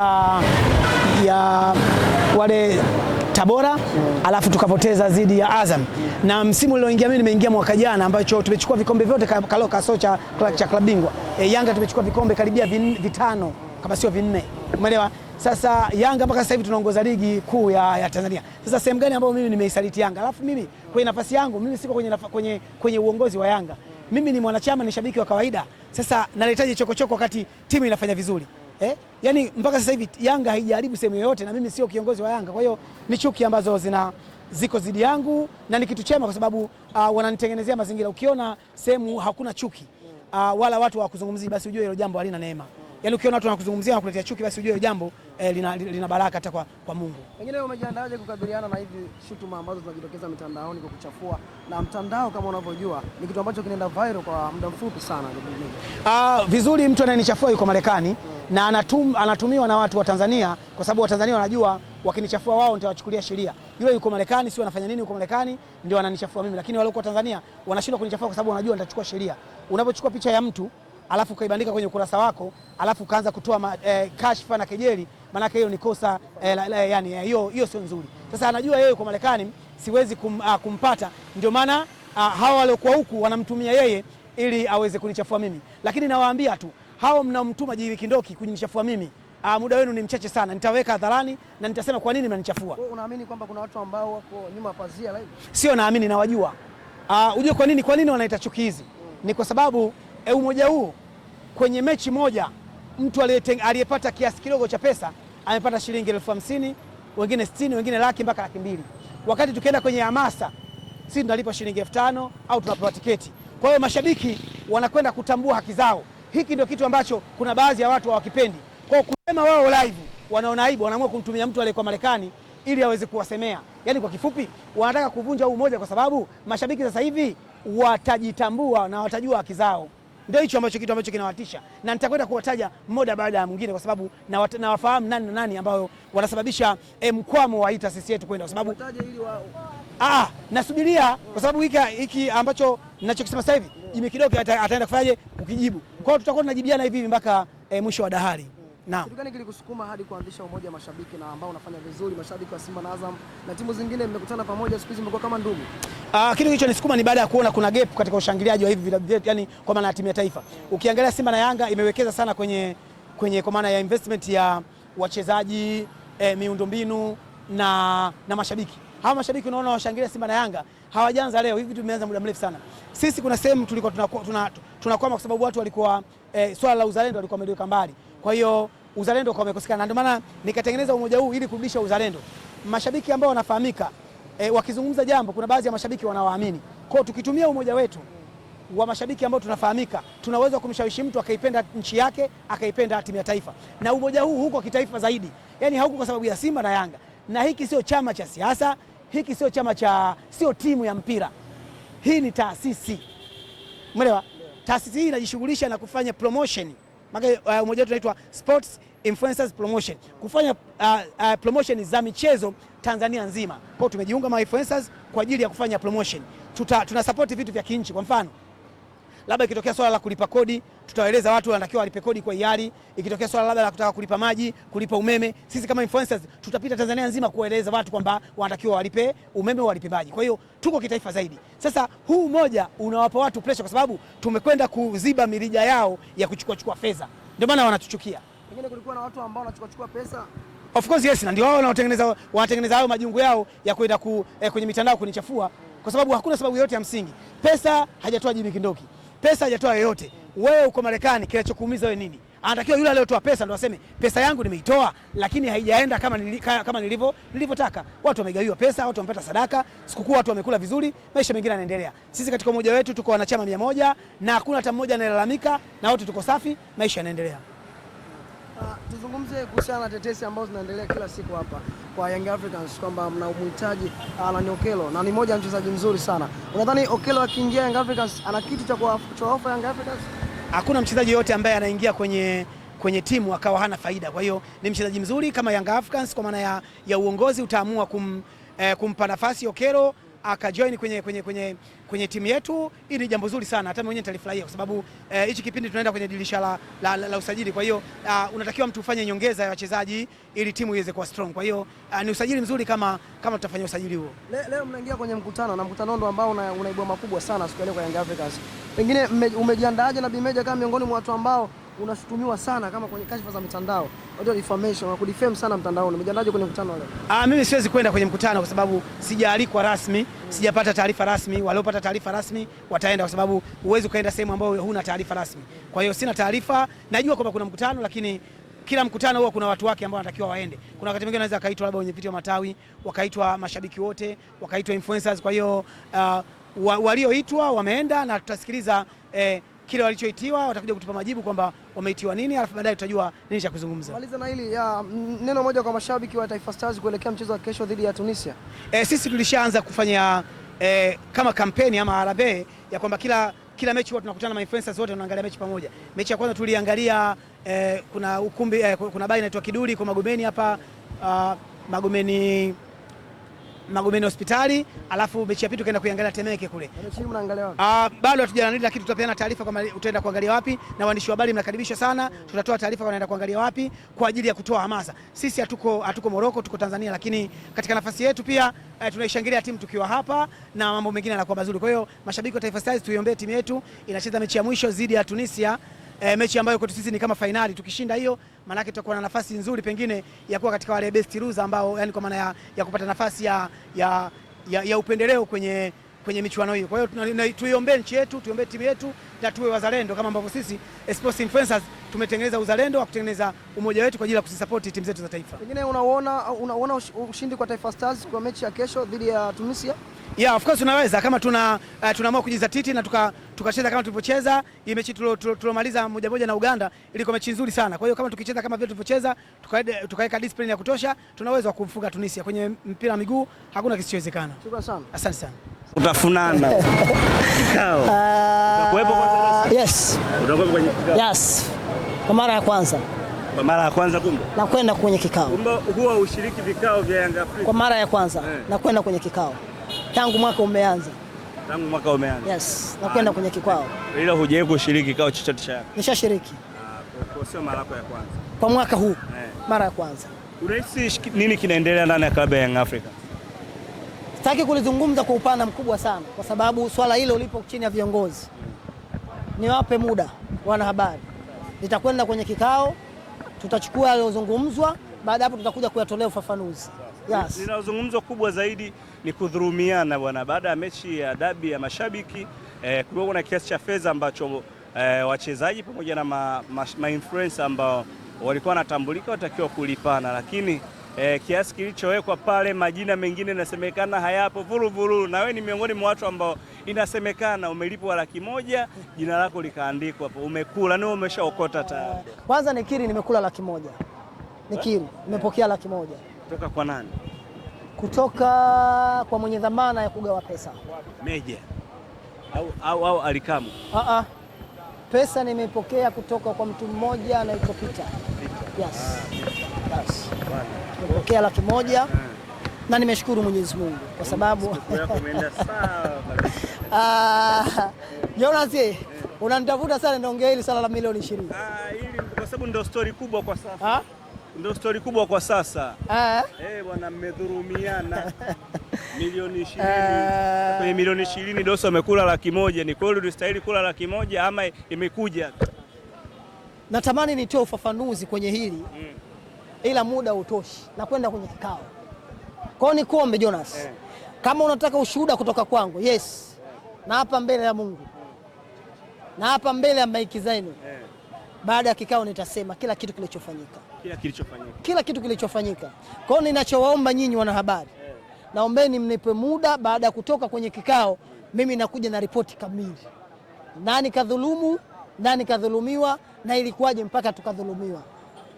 uh, ya wale Tabora alafu tukapoteza dhidi ya Azam na msimu ulioingia mimi nimeingia mwaka jana, ambacho tumechukua vikombe vyote kaloka kaso cha klabu bingwa e, Yanga tumechukua vikombe karibia vin, vitano kama sio vinne, umeelewa? Sasa Yanga mpaka sasa hivi tunaongoza ligi kuu ya, ya Tanzania. Sasa sehemu gani ambayo mimi nimeisaliti Yanga? Alafu mimi kwenye nafasi yangu mimi siko kwenye, kwenye, kwenye uongozi wa Yanga, mimi ni mwanachama, ni shabiki wa kawaida. Sasa naletaje chokochoko wakati timu inafanya vizuri? eh? Yaani mpaka sasa hivi Yanga haijaribu sehemu yoyote, na mimi sio kiongozi wa Yanga, kwa hiyo ni chuki ambazo zina ziko zidi yangu na ni kitu chema kwa sababu uh, wananitengenezea mazingira. Ukiona sehemu hakuna chuki uh, wala watu hawakuzungumzii, basi ujue hilo jambo halina neema yani ukiona watu wanakuzungumzia na kuletea chuki, basi ujue jambo eh, lina, lina baraka hata kwa, kwa Mungu. Pengine umejiandaaje kukabiliana na hivi shutuma ambazo zinajitokeza mitandaoni kwa kuchafua, na mtandao kama unavyojua ni kitu ambacho kinaenda viral kwa muda mfupi sana. Ah, vizuri, mtu anayenichafua yuko Marekani na anatum, anatumiwa na watu wa Tanzania kwa sababu Watanzania wanajua wakinichafua wao nitawachukulia sheria. Yule yuko Marekani, si anafanya nini huko Marekani, ndio ananichafua mimi, lakini wale huko Tanzania wanashindwa kunichafua kwa sababu wanajua nitachukua sheria. Unapochukua picha ya mtu alafu ukaibandika kwenye ukurasa wako alafu ukaanza kutoa eh, kashfa na kejeli, maanake hiyo ni kosa eh, yani eh, hiyo hiyo sio nzuri. Sasa anajua yeye kwa Marekani siwezi kum, ah, kumpata, ndio maana ah, hawa waliokuwa huku wanamtumia yeye ili aweze kunichafua mimi, lakini nawaambia tu hao mnamtuma Jiwi Kindoki kunichafua mimi Ah, muda wenu ni mchache sana, nitaweka hadharani na nitasema kwa nini mnanichafua. unaamini kwamba kuna watu ambao wako nyuma pazia live? Sio, naamini nawajua. Ah, unajua kwa nini kwa nini wanaita chuki hizi? Mm. Ni kwa sababu E, umoja huo kwenye mechi moja mtu aliyepata kiasi kidogo cha pesa amepata shilingi elfu hamsini wengine sitini wengine laki mpaka laki mbili Wakati tukienda kwenye hamasa sisi tunalipa shilingi elfu tano au tunapewa tiketi. Kwa hiyo mashabiki wanakwenda kutambua haki zao. Hiki ndio kitu ambacho kuna baadhi ya watu hawakipendi, kwa kusema wao live wanaona aibu, wanaamua kumtumia mtu aliyekuwa Marekani ili aweze kuwasemea. Yaani kwa kifupi, wanataka kuvunja umoja, kwa sababu mashabiki sasa hivi watajitambua na watajua haki zao. Ndio hicho ambacho kitu ambacho kinawatisha, na nitakwenda kuwataja mmoja baada ya mwingine, kwa sababu nawafahamu nani na nani ambao wanasababisha eh, mkwamo wa hii taasisi yetu kwenda, kwa sababu ah, ah, nasubiria kwa sababu hiki ambacho ninachokisema sasa hivi Jimmy Kidoke ataenda kufanyaje kukijibu. Kwa hiyo tutakuwa tunajibiana hivi hivi mpaka e, mwisho wa dahari. Naam. Kitu gani kilikusukuma hadi kuanzisha umoja mashabiki na ambao unafanya vizuri mashabiki wa Simba na Azam na timu zingine mmekutana pamoja siku hizi mmekuwa kama ndugu? Ah, kitu kilicho nisukuma ni baada ya kuona kuna gap katika ushangiliaji wa hivi vilabu vyetu yani kwa maana ya timu ya taifa. Ukiangalia Simba na Yanga imewekeza sana kwenye kwenye kwa maana ya investment ya wachezaji, eh, miundombinu na na mashabiki. Hawa mashabiki unaona washangilia Simba na Yanga hawajaanza leo, hivi tumeanza muda mrefu sana. Sisi kuna sehemu tulikuwa tunakwama tuna, tuna, tuna kwa sababu watu walikuwa eh, swala la uzalendo walikuwa wameliweka mbali. Kwa hiyo uzalendo kwa umekosekana. Ndio maana nikatengeneza umoja huu ili kurudisha uzalendo. Mashabiki ambao wanafahamika e, wakizungumza jambo, kuna baadhi ya mashabiki wanawaamini. Kwa tukitumia umoja wetu wa mashabiki ambao tunafahamika, tunaweza kumshawishi mtu akaipenda nchi yake, akaipenda timu ya taifa. Na umoja huu huko kitaifa zaidi, yani hauko kwa sababu ya Simba na Yanga, na hiki sio chama cha siasa, hiki sio chama cha, sio timu ya mpira. Hii ni taasisi, umeelewa? Taasisi hii inajishughulisha na kufanya promotion. Maana eh, umoja wetu unaitwa sports influencers promotion kufanya uh, uh, promotion za michezo Tanzania nzima. Kwa tumejiunga na influencers kwa ajili ya kufanya promotion. Tuta, tuna support vitu vya kinchi, kwa mfano labda ikitokea swala la kulipa kodi, tutawaeleza watu wanatakiwa walipe kodi kwa hiari. Ikitokea swala labda la kutaka kulipa maji, kulipa umeme, sisi kama influencers tutapita Tanzania nzima kuwaeleza watu kwamba wanatakiwa walipe umeme, walipe maji. Kwa hiyo tuko kitaifa zaidi. Sasa huu moja unawapa watu pressure, kwa sababu tumekwenda kuziba mirija yao ya kuchukua chukua fedha, ndio maana wanatuchukia pengine kulikuwa na watu ambao wanachukua pesa Of course yes, na ndio wao wanaotengeneza wanatengeneza hayo majungu yao ya kwenda ku, eh, kwenye mitandao kunichafua, kwa sababu hakuna sababu yoyote ya msingi. Pesa hajatoa Jimmy Kindoki, pesa hajatoa yoyote. Wewe uko Marekani, kinachokuumiza wewe nini? Anatakiwa yule aliyotoa pesa ndio aseme pesa yangu nimeitoa, lakini haijaenda kama nili, kama nilivyo nilivyotaka. Watu wamegawiwa pesa, watu wamepata sadaka, sikukuu watu wamekula vizuri, maisha mengine yanaendelea. Sisi katika umoja wetu tuko wanachama 100 na hakuna hata mmoja anayelalamika, na wote tuko safi, maisha yanaendelea. Uh, tuzungumze kuhusiana na tetesi ambazo zinaendelea kila siku hapa kwa Young Africans kwamba umhitaji uh, Allan Okello na ni moja ya mchezaji mzuri sana. Unadhani Okello akiingia Young Africans ana kitu cha kuwaofa Young Africans? Hakuna mchezaji yote ambaye anaingia kwenye kwenye timu akawa hana faida. Kwa hiyo ni mchezaji mzuri kama Young Africans, kwa maana ya, ya uongozi utaamua kum, eh, kumpa nafasi Okello akajoin kwenye, kwenye, kwenye, kwenye timu yetu. Hii ni jambo zuri sana, hata mimi mwenyewe nitalifurahia kwa sababu eh, hichi eh, kipindi tunaenda kwenye dirisha la, la, la, la usajili. Kwa hiyo uh, unatakiwa mtu ufanye nyongeza ya wachezaji ili timu iweze kuwa strong. Kwa hiyo uh, ni usajili mzuri kama, kama tutafanya usajili huo. Le, leo mnaingia kwenye mkutano na mkutano ndo ambao una, unaibua makubwa sana siku ya leo kwa Young Africans. Pengine umejiandaaje na Bimeja kama miongoni mwa watu ambao unashutumiwa sana kama kwenye kashfa za mitandao, watu defamation, wanakudifame sana mtandaoni. Umejiandaje kwenye mkutano leo? Ah, mimi siwezi kwenda kwenye mkutano kwa sababu sijaalikwa rasmi, sijapata taarifa rasmi. Waliopata taarifa rasmi wataenda, kwa sababu huwezi kaenda sehemu ambayo huna taarifa rasmi. Kwa hiyo sina taarifa, najua kwamba kuna mkutano lakini kila mkutano huwa kuna watu wake ambao wanatakiwa waende. Kuna wakati mwingine anaweza akaitwa labda wenyeviti wa matawi, wakaitwa mashabiki wote, wakaitwa influencers. Kwa hiyo uh, walioitwa wameenda na tutasikiliza eh, kile walichoitiwa, watakuja kutupa majibu kwamba wameitiwa nini, alafu baadaye tutajua nini cha kuzungumza. Maliza na hili ya neno moja kwa mashabiki wa Taifa Stars kuelekea mchezo wa kesho dhidi ya Tunisia. E, sisi tulishaanza kufanya e, kama kampeni ama arabe ya kwamba kila kila mechi huwa tunakutana na influencers wote tunaangalia mechi pamoja. Mechi ya kwanza tuliangalia e, kuna ukumbi e, kuna baa inaitwa Kiduli kwa Magomeni hapa uh, Magomeni Magomeni hospitali, alafu mechi ya pili tukaenda kuiangalia Temeke kule. Yaani ah, bado hatujaandaa lakini tutapeana taarifa kama utaenda kuangalia wapi, na waandishi wa habari mnakaribishwa sana, tutatoa taarifa wanaenda kuangalia wapi kwa ajili ya kutoa hamasa. Sisi hatuko hatuko Moroko, tuko Tanzania, lakini katika nafasi yetu pia eh, tunaishangilia timu tukiwa hapa na mambo mengine yanakuwa mazuri. Kwa hiyo mashabiki wa Taifa Stars, tuiombee timu yetu, inacheza mechi ya mwisho dhidi ya Tunisia e, mechi ambayo kwetu sisi ni kama fainali. Tukishinda hiyo, maana yake tutakuwa na nafasi nzuri pengine ya kuwa katika wale best loser ambao, yani kwa maana ya, ya kupata nafasi ya, ya, ya, ya upendeleo kwenye kwenye michuano hiyo. Kwa hiyo tuiombee nchi yetu, tuiombee timu yetu na tuwe wazalendo kama ambavyo sisi sports influencers tumetengeneza uzalendo wa kutengeneza umoja wetu kwa ajili ya kusupport timu zetu za taifa. Pengine unauona unaona ushindi kwa Taifa Stars kwa mechi ya kesho dhidi ya Tunisia? Yeah, of course tunaweza kama tuna uh, tunaamua kujizatiti na tuka tukacheza kama tulivyocheza hii mechi tuliomaliza moja moja na Uganda, ilikuwa mechi nzuri sana. Kwa hiyo kama tukicheza kama vile tulivyocheza, tukaweka discipline ya kutosha, tunaweza kumfunga Tunisia. Kwenye mpira wa miguu hakuna kisichowezekana. Shukrani sana. Asante sana. Utafunana. Utakuwepo kwanza? Ah, yes. Utakuwepo kwenye kikao? Yes. Kwa mara ya kwanza. Kwa mara ya kwanza kumbe? Nakwenda kwenye kikao. Kumbe huwa ushiriki vikao vya Yanga Afrika. Kwa mara ya kwanza. Eh. Nakwenda kwenye kikao. Tangu mwaka umeanza. Tangu mwaka umeanza. Yes, nakwenda kwenye kikwao. Ila hujawahi kushiriki kikao chochote cha? Nishashiriki. Kwa ah, sio mara yako ya kwanza. Kwa mwaka huu. Eh. Mara ya kwanza. Unahisi nini kinaendelea ndani ya klabu ya Young Africa? Sitaki kulizungumza kwa upana mkubwa sana kwa sababu swala hilo lipo chini ya viongozi. Niwape muda wanahabari, nitakwenda kwenye kikao, tutachukua yaliyozungumzwa, baada hapo tutakuja kuyatolea ufafanuzi yes. Linalozungumzwa kubwa zaidi ni kudhulumiana bwana, baada ya mechi ya dabi ya mashabiki eh, kulikuwa na kiasi cha fedha ambacho eh, wachezaji pamoja na ma, ma, ma influencer ambao walikuwa wanatambulika watakiwa kulipana, lakini eh, kiasi kilichowekwa pale, majina mengine inasemekana hayapo, vuruvuru. Na wewe ni miongoni mwa watu ambao inasemekana umelipwa laki moja, jina lako likaandikwa hapo, umekula ni umeshaokota tayari. Kwanza nikiri, nimekula laki moja, nikiri, nimepokea laki moja. Kutoka kwa nani? Kutoka kwa mwenye dhamana ya kugawa pesa. Meja au, au, au alikamu? uh -uh. Pesa nimepokea kutoka kwa mtu mmoja anaitwa Peter. Yes. Ah, yes. Nimepokea laki moja ah. Na nimeshukuru Mwenyezi Mungu kwa sababu ah, Jonas, eh, eh. unanitafuta sana niongee hili sala la milioni ishirini. Ah, hili kwa sababu ndio story kubwa kwa sasa. Ndio stori kubwa kwa sasa. Ah. Eh hey, bwana mmedhurumiana milioni 20. Ah. Kwenye milioni 20 Dosa amekula laki moja. Ni kweli unastahili kula laki moja ama imekuja? Natamani nitoe ufafanuzi kwenye hili mm, ila muda utoshi na kwenda kwenye kikao. kwao. ni kuombe Jonas, eh, kama unataka ushuhuda kutoka kwangu, yes, na hapa mbele ya Mungu na hapa mbele ya maiki zenu, eh, baada ya kikao nitasema kila kitu kilichofanyika kila kilichofanyika, kila kitu kilichofanyika. Kwa hiyo ninachowaomba nyinyi wanahabari, yeah. naombeni mnipe muda, baada ya kutoka kwenye kikao mimi nakuja na ripoti kamili, nani kadhulumu, nani kadhulumiwa na ilikuwaje mpaka tukadhulumiwa.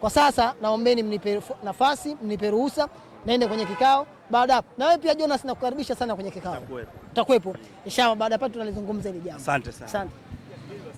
Kwa sasa naombeni mnipe nafasi, mnipe ruhusa naende kwenye kikao. Baada hapo na wewe pia Jonas, nakukaribisha sana kwenye kikao, utakuwepo inshallah. Baada hapo tunalizungumza hili jambo. Asante sana. Asante.